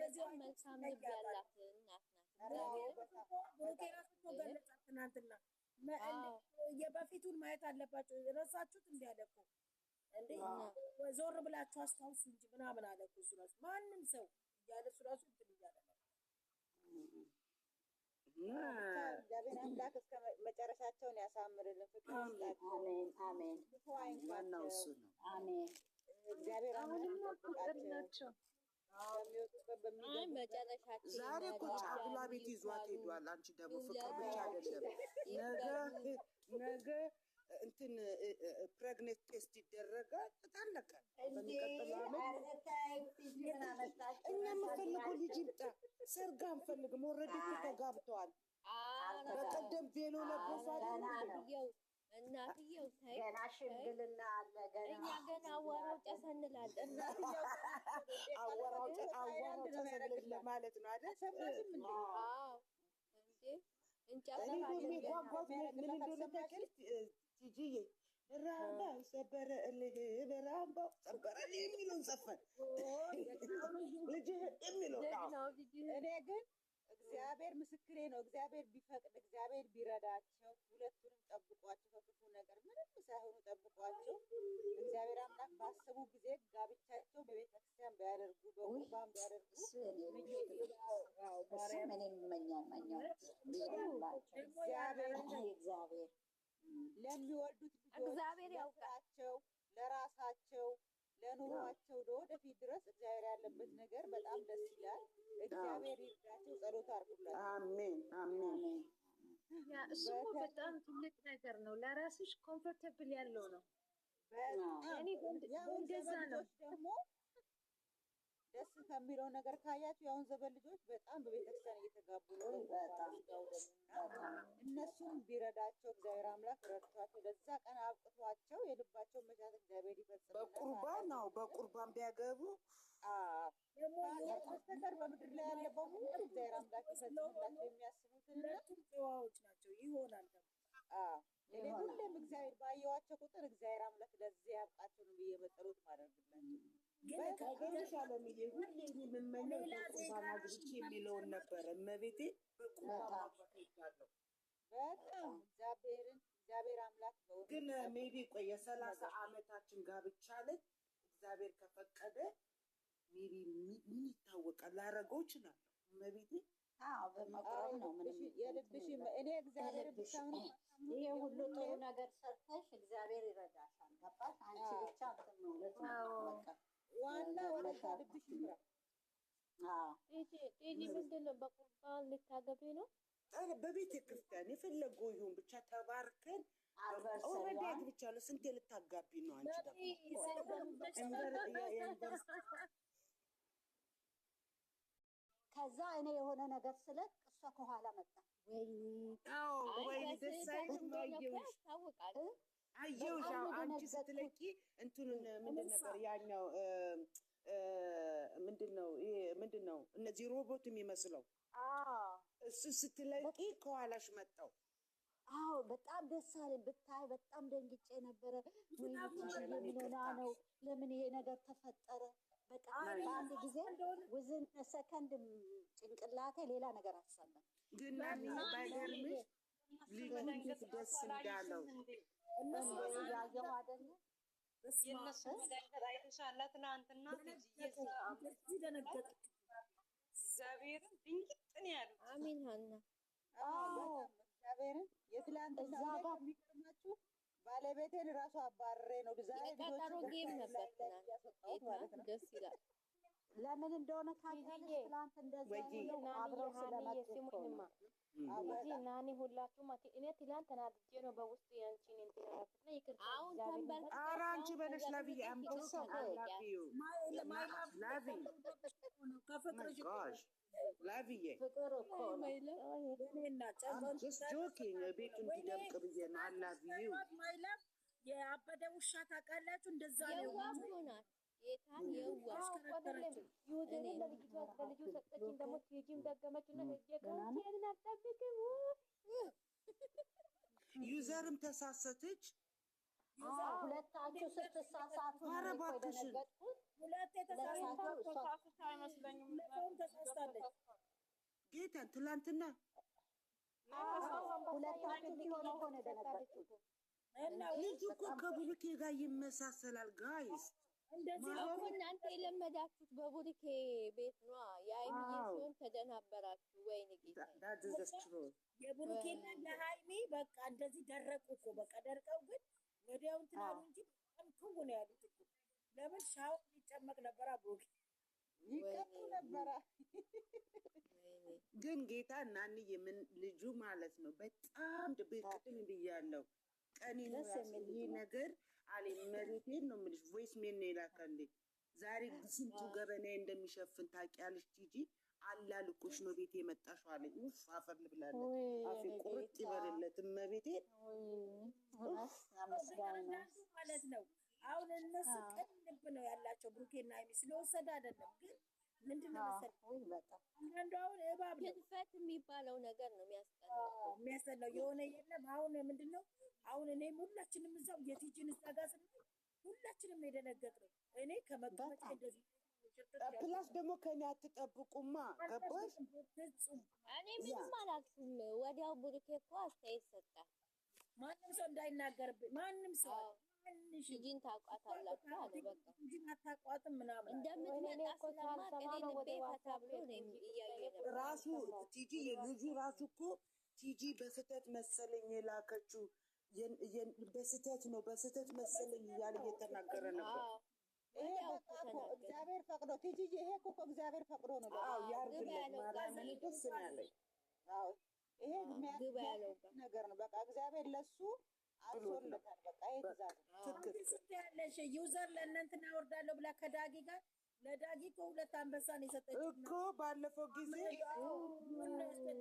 እንደዚሁም መልካም ልብ ያላት እናት ናት። የበፊቱን ማየት አለባቸው። ረሳችሁት እንዲ ዞር ብላችሁ አስታውሱ እንጂ ምናምን አለ እሱ ራሱ ማንም ሰው እያለ እሱ ራሱ እንትን እያለ ነው። እግዚአብሔር አምላክ እስከ መጨረሻቸውን ያሳምርልን፣ ፍቅር አሜን። አሁንማ ቁጥር ናቸው ዛሬ እኮ ጫጉላ ቤት ይዟት ሄዷል። አንቺ ደግሞ ፍቅር ብቻ አይደለም ነገ እንትን ፕሬግኔት ቴስት ይደረጋል። ታለቀ እኛ የምፈልገው ልጅ ይምጣ። ሰርግ አንፈልግም። ወረድ ተጋብተዋል። በቀደም ቬሎ ለበሷል። እናትየው ተይ ገና ሽምግልና አለ። ገና እኛ ገና አዋራው ጨሰ እንላለን። እናትየው አዋራው ጨሰ ለማለት ነው አይደል? አዎ እንዴ ምን እንደሆነ ጂጂዬ? በራምባው ሰበረ እልህ በራምባው ሰበረ የሚለውን ዘፈን ልጅህ የሚለው እኔ ግን እግዚአብሔር ምስክሬ ነው። እግዚአብሔር ቢፈቅድ እግዚአብሔር ቢረዳቸው ሁለቱንም ጠብቋቸው፣ ከክፉ ነገር ምንም ሳይሆኑ ጠብቋቸው። እግዚአብሔር አምላክ ባሰቡ ጊዜ ጋብቻቸው በቤተክርስቲያን ቢያደርጉ በቁርባን ቢያደርጉ እግዚአብሔር ለሚወዱት ለራሳቸው ለኑሯቸው ለወደፊት ድረስ እግዚአብሔር ያለበት ነገር በጣም ደስ ይላል። እግዚአብሔር ይርዳቸው። ጸሎት አድርጉላቸው። አሜን አሜን። እሱ በጣም ትልቅ ነገር ነው። ለራስሽ ኮምፎርተብል ያለው ነው። በእንደዛ ነው ደግሞ ደስ ከሚለው ነገር ካያችሁ የአሁን ዘበን ልጆች በጣም በቤተክርስቲያን የተጋቡ ነው። እነሱም ቢረዳቸው እግዚአብሔር አምላክ ረድቷቸው ለዛ ቀን አብቅቷቸው የልባቸውን መሻት እግዚአብሔር ይፈጽም። በቁርባን ነው፣ በቁርባን ቢያገቡ በስተቀር በምድር ላይ ያለ በሙሉ እግዚአብሔር አምላክ ይፈጽምላቸው የሚያስቡትን ሁለቱም ጨዋዎች ናቸው። ይሆናል ደግሞ እኔ ሁሌም እግዚአብሔር ባየዋቸው ቁጥር እግዚአብሔር አምላክ ለዚህ ያብቃቸው ነው ብዬ በጸሎት ማደርግላቸው የሚለውን ነበረ። እመቤቴ በጣም እግዚአብሔርን እግዚአብሔር አምላክ ግን ሜቢ ቆይ የሰላሳ አመታችን ጋብቻ ላይ እግዚአብሔር ከፈቀደ ሜቢ ምን ይታወቃል ላረገው እችላለሁ። እመቤቴ በመቁረብ ነው ምንም የልብሽ እኔ እግዚአብሔር ብቻ ነው ይሄ ሁሉ ጥሩ ነገር ሰርተሽ እግዚአብሔር ይረዳሻል። ገባሽ? አንቺ ብቻ ማለት ነው። በቤተ ክርስቲያን የፈለገው ይሁን ብቻ ተባርከን ብቻ ነው። ስንቴ ልታጋቢ ነው አንቺ ከዛ እኔ የሆነ ነገር ስለ እሷ ከኋላ መጣ። አየሁሽ አንቺ ስትለቂ ምንድን ነበር ያኛው ምንድን ነው ምንድን ነው እነዚህ ሮቦት የሚመስለው እሱ ስትለቂ ከኋላሽ መጣው። አዎ በጣም ደስ አለኝ። ብታይ በጣም ደንግጬ ነበረ። ምን ሆና ነው? ለምን ይሄ ነገር ተፈጠረ? በጣም በአንድ ጊዜ ውዝን ሰከንድ ጭንቅላቴ ሌላ ነገር አሳለም። ግን ባይገርምሽ ልጁ ደስ እንዳለው ያየው እዛ ጋር የሚገርማችሁ ባለቤቴን ራሱ አባሬ ነው ዛሬ ቀጠሮ ደስ ይላል። ለምን እንደሆነ ካገኘሽ ትላንት እንደዚያ ነው አብረው ሁላችሁም እኔ ትላንት ተናድጄ ነው በውስጥ ያንቺን አንቺ በለሽ ነብዬ ላቪዬ ፍቅር እኮ ቤቱ እንዲደምቅ ብዬ ነው። አላቪዬ የአበደ ውሻ ታውቃላችሁ እንደዛ ነው ጌታን የዋ ዩዘርም ተሳሰተች። ሁለታችሁ ስትሳሳቱ ጌታን ትላንትና እኮ ከብሩኬ ጋር ይመሳሰላል ጋይስ እንደዚህ እኮ እናንተ የለመዳችሁት በቡሪኬ ቤት ኗ የሀይሚዬ ሲሆን ተደናበራችሁ። ወይኔ ጌታ የቡሪኬና የሀይሚ በቃ እንደዚህ ደረቁ እኮ በቃ ደርቀው፣ ግን ወዲያው እንትን አሉ እንጂ በጣም ክው ነው ያሉት እኮ ለምን ሻወር ሊጨመቅ ነበረ አብሮጌ ይቀጡ ነበረ። ግን ጌታ እናን የምን ልጁ ማለት ነው በጣም ቅድም ብያለሁ ቀኔ ይህ ነገር አሌ መሬቴን ነው የምልሽ። ቮይስ ሜል ነው የላከልኝ ዛሬ ስንቱ ገበና እንደሚሸፍን ታውቂያለሽ ጂጂ። አላልኩሽ ነው ቤቴ የመጣሽ አለኝ። ውፍ አፈር ልብላለች። አፌ ቁርጥ ይበልለት እመቤቴ ማለት ነው። አሁን እነሱ ቅን ልብ ነው ያላቸው ብሩኬና ሀይሚ ስለወሰደ አይደለም ግን ምንድነው አንዳንዱ አሁን እባብ ነው ሽንፈት የሚባለው ነገር ነው የሚያስጠላው። የሆነ የለም አሁን ምንድነው አሁን እኔም ሁላችንም እዛው የቲጂን እዛ ጋር ስን ሁላችንም የደነገጥ ነው። እኔ ከመቀመጫ እንደዚህ ፕላስ ደግሞ ከኔ አትጠብቁማ ገባሽ? እኔ ምንም አላልኩም። ወዲያው ቡሩኬ እኮ አስተያየት ሰጣ። ማንም ሰው እንዳይናገርብኝ ማንም ሰው ልጅን ታውቃታላችሁ ራሱ ቲጂ የልጁ ራሱ እኮ ቲጂ በስህተት መሰለኝ የላከችው በስህተት ነው በስህተት መሰለኝ እያለ እየተናገረ ነበር። እግዚአብሔር ፈቅዶ ቲጂ ይሄ እኮ እግዚአብሔር ፈቅዶ ነው ያርግልን ማርያምን ደስ ነው ያለኝ። ይሄ ነገር ነው በቃ እግዚአብሔር ለሱ አዞለታል። በቃ ይሄ ትእዛዝ ዩዘር ለእነንትና አወርዳለሁ ብላ ከዳጊ ጋር ለዳጊ እኮ ሁለት አንበሳን የሰጠች እኮ ባለፈው ጊዜ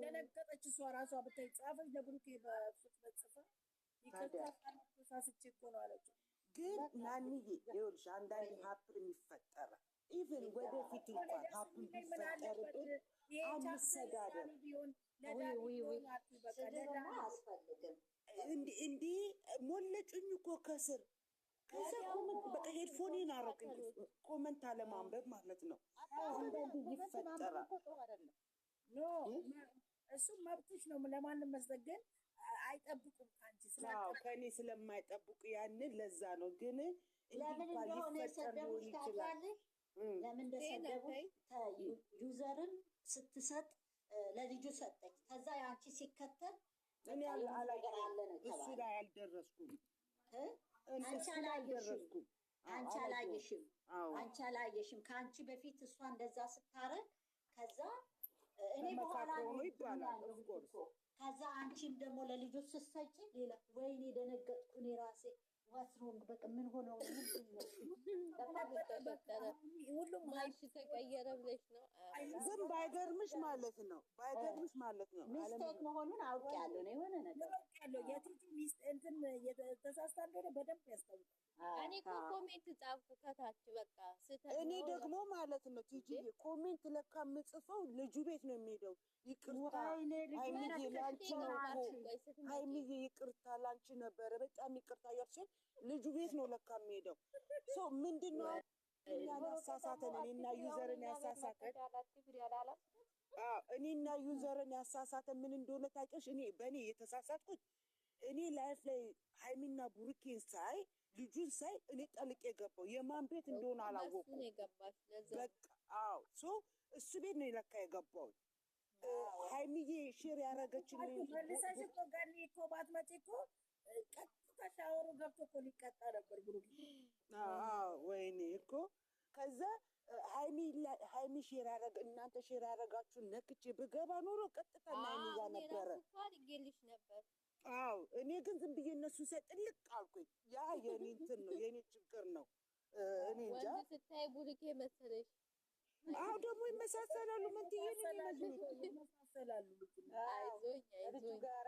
ደነገጠች። እሷ ራሷ ብታይ ጻፈች ለብሩኬ በፍጥነት ግን ናንዬ ይኸውልሽ አንዳንድ ሀፕን ይፈጠራል። ኢቨን ወደፊት እንኳን ሀፕን ቢፈጠርብን አምሰጋደ እንዲህ ሞለጩኝ እኮ ከስር ከዛ ኮመንት በቃ ሄድፎኔን አረቅኝ። ኮመንት አለማንበብ ማለት ነው። አንዳንድ ይፈጠራል። እሱም መብትሽ ነው። ለማንም መዘገን አይጠብቁም ከአንቺ ከእኔ ስለማይጠብቁ ያንን ለዛ ነው። ግን ለምን እንደሰደቡ ዩዘርን ስትሰጥ ለልጁ ሰጠች። ከዛ የአንቺ ሲከተል እኔ እሱ ላይ አልደረስኩም። አንቺ አላየሽም። አንቺ አላየሽም። አንቺ አላየሽም። ከአንቺ በፊት እሷ እንደዛ ስታረግ ከዛ እኔ በኋላ ይባላል። ከዛ አንቺም ደግሞ ለልጆች ስትሰጪ ሌላ ወይኔ ደነገጥኩ እኔ ራሴ ዋስሮንግ በቃ ምን ሆነው ሁሉም ማይሽ ተቀየረ ብለሽ ነው። ግን ባይገርምሽ ማለት ነው ባይገርምሽ ማለት ነው ሚስቴክ መሆኑን አውቄያለሁ ነው የሆነ ነገር አውቄያለሁ። የቲጂ ሚስት እንትን የተሳስታ እንደሆነ በደንብ ያስታውቃል። እኔ እኮ ኮሜንት ጻፍኩ ከታች በቃ ስህተት። እኔ ደግሞ ማለት ነው ቲጂ ኮሜንት ለካ የምጽፈው ልጁ ቤት ነው የሚሄደው ይቅርታ ሀይሚዬ፣ ላንቺ ይቅርታ ላንቺ ነበረ በጣም ይቅርታ ያልሽን ልጁ ቤት ነው ለካ የሚሄደው። ሶ ምንድን ነው እኛን ያሳሳተን? እኔና ዩዘርን ያሳሳተን እኔና ዩዘርን ያሳሳተን ምን እንደሆነ ታውቂያለሽ? እኔ በእኔ የተሳሳትኩት እኔ ላይፍ ላይ ሀይሚና ቡሩኬን ሳይ ልጁን ሳይ እኔ ጠልቄ የገባው የማን ቤት እንደሆነ አላወኩም። በቃ አዎ፣ ሶ እሱ ቤት ነው ለካ የገባው። ሀይሚዬ ሼር ያደረገችልኝ መልሰሽ እኮ ጋር እኮ ባትመጪ እኮ ቀጥታ ሻወሩ ገብቶ እኮ ሊቀጣ ነበር ብሩክ። ወይኔ እኮ ከዛ ሀይሚ ሼራረግ እናንተ አረጋችሁ ነክቼ ብገባ ኖሮ ቀጥታ ናይሚዛ ነበረ ነበር። አዎ እኔ ግን ዝም ብዬ እነሱን ሳይ ጥልቅ አልኩኝ። ያ የኔ እንትን ነው የኔ ችግር ነው። እኔ እንጃ ስታይ ቡልኬ መሰለሽ። አዎ ደግሞ ይመሳሰላሉ። ምንትዬ ነው ይመሳሰላሉ ጋራ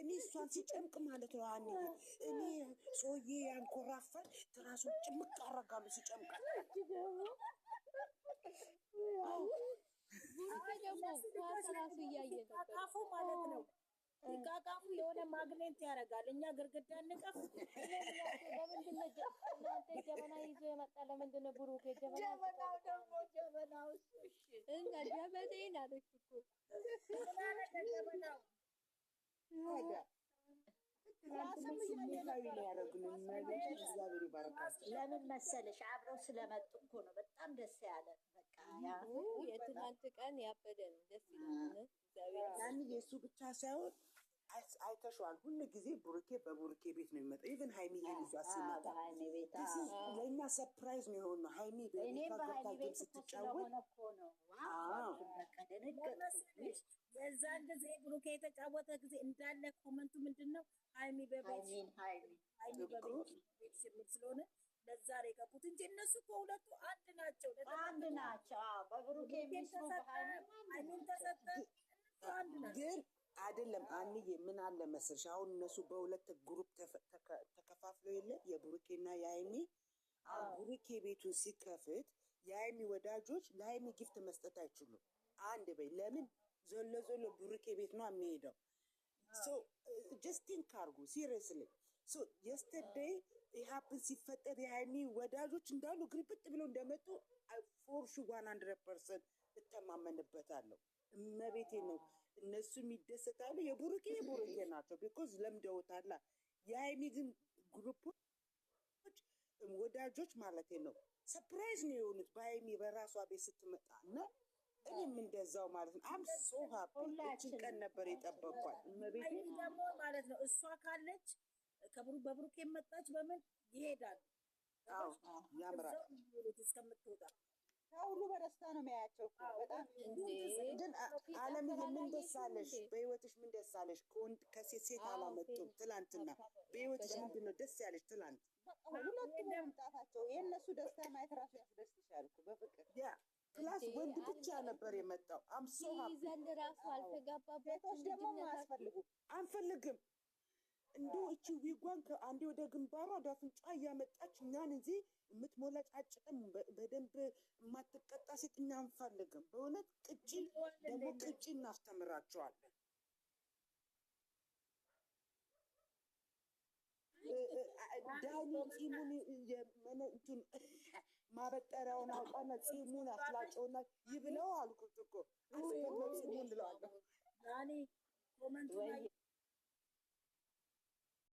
እኔ እሷን ሲጨምቅ ማለት ነው። አን እኔ ሰውዬ ያንኮራፋል ትራሱ ጭምቅ አረጋሉ ሲጨምቃል። ራሱ እያየ ቃቃፉ ማለት ነው። ቃቃፉ የሆነ ማግኔት ያደርጋል። እኛ ግርግዳ እንቀፍ። ለምንድን እናንተ ጀበና ይዞ የመጣ? ለምንድን ብሩክ ጀበናው ደግሞ ጀበናው እሱ ጀበና ናለች እኮ ለምን መሰለሽ አብረው ስለመጡ እኮ ነው። በጣም ደስ ያለ በቃ የትናንት ቀን ያበደ ነው። ደስ ይላል። የእሱ ብቻ ሳይሆን አይተሸዋል። ሁሉ ጊዜ ቡርኬ በቡርኬ ቤት ነው የሚመጣው። ኢቨን ሀይሚ ይሄን ይዟ ሲመጣ ለእኛ ሰፕራይዝ ነው የሆነው። ሀይሚ በቤታታጌም ስትጫወት የዛን ጊዜ ብሩኬ የተጫወተ ጊዜ እንዳለ ኮመንቱ ምንድን ነው ሀይሚ በቤት ስለሆነ ለዛ ነው የገቡት እንጂ እነሱ እኮ አንድ ናቸው፣ አንድ ናቸው። በብሩኬ ተሰጠ፣ ሀይሚን ተሰጠ፣ አንድ ናቸው አይደለም አንዬ፣ ምን አለ መሰልሽ፣ አሁን እነሱ በሁለት ግሩፕ ተከፋፍለው የለ የቡሩኬና የሀይሚ። አሁን ቡሩኬ ቤቱን ሲከፍት የሀይሚ ወዳጆች ለሀይሚ ጊፍት መስጠት አይችሉም። አንድ በይ፣ ለምን ዘሎ ዘሎ ቡሩኬ ቤት ነው የሚሄደው። ጀስቲን ካርጉ ሲሪየስሊ የስተርደይ ኢህአፕን ሲፈጠር የሀይሚ ወዳጆች እንዳሉ ግርብጥ ብለው እንደመጡ ፎርሹ ዋን ሀንድረድ ፐርሰንት እተማመንበታለሁ። እመቤቴ ነው እነሱም ይደሰታሉ። የቡሩኬ የቡሩኬ ናቸው ቢኮዝ ለምደውታላ። የሀይሚ ግን ግሩፖች ወዳጆች ማለት ነው ሰፕራይዝ ነው የሆኑት በሀይሚ በራሷ ቤት ስትመጣ እና እኔም እንደዛው ማለት ነው። አም ሶ ሀችን ቀን ነበር የጠበቋል። እመቤቴ ደግሞ ማለት ነው እሷ ካለች ከብሩ በብሩኬ መጣች በምን ይሄዳል ያምራል እስከምትወጣ ሁሉ በደስታ ነው የሚያያቸው። በጣም ግን አለም ምን ደሳለሽ? በህይወትሽ ምን ደሳለሽ? አለሽ? ከወንድ ከሴት ሴት አላመጡም። ትላንትና በህይወትሽ ምንድን ነው ደስ ያለሽ? ትላንት ሁለቱም መምጣታቸው የእነሱ ደስታ ማየት ራሱ ያስደስትሻል። በፍቅር ፕላስ ወንድ ብቻ ነበር የመጣው። አምሶ ሀ ራሱ አልተጋባበት ሴቶች ደግሞ አያስፈልጉም፣ አንፈልግም እንዲሁ እቺ ዊጓን ከአንዴ ወደ ግንባሯ ወደ አፍንጫ እያመጣች እኛን እዚህ የምትሞለጫጭቅም በደንብ የማትቀጣ ሴት እኛ አንፈልግም። በእውነት ቅጭ ደግሞ ቅጭ እናስተምራቸዋለን። ዳኒ ፂሙን የመነቱን ማበጠሪያውን አውጣና ፂሙን አፍላጨውና ይብለው አልኩት እኮ ፂሙን እንለዋለሁ ዳኒ ኮመንቱ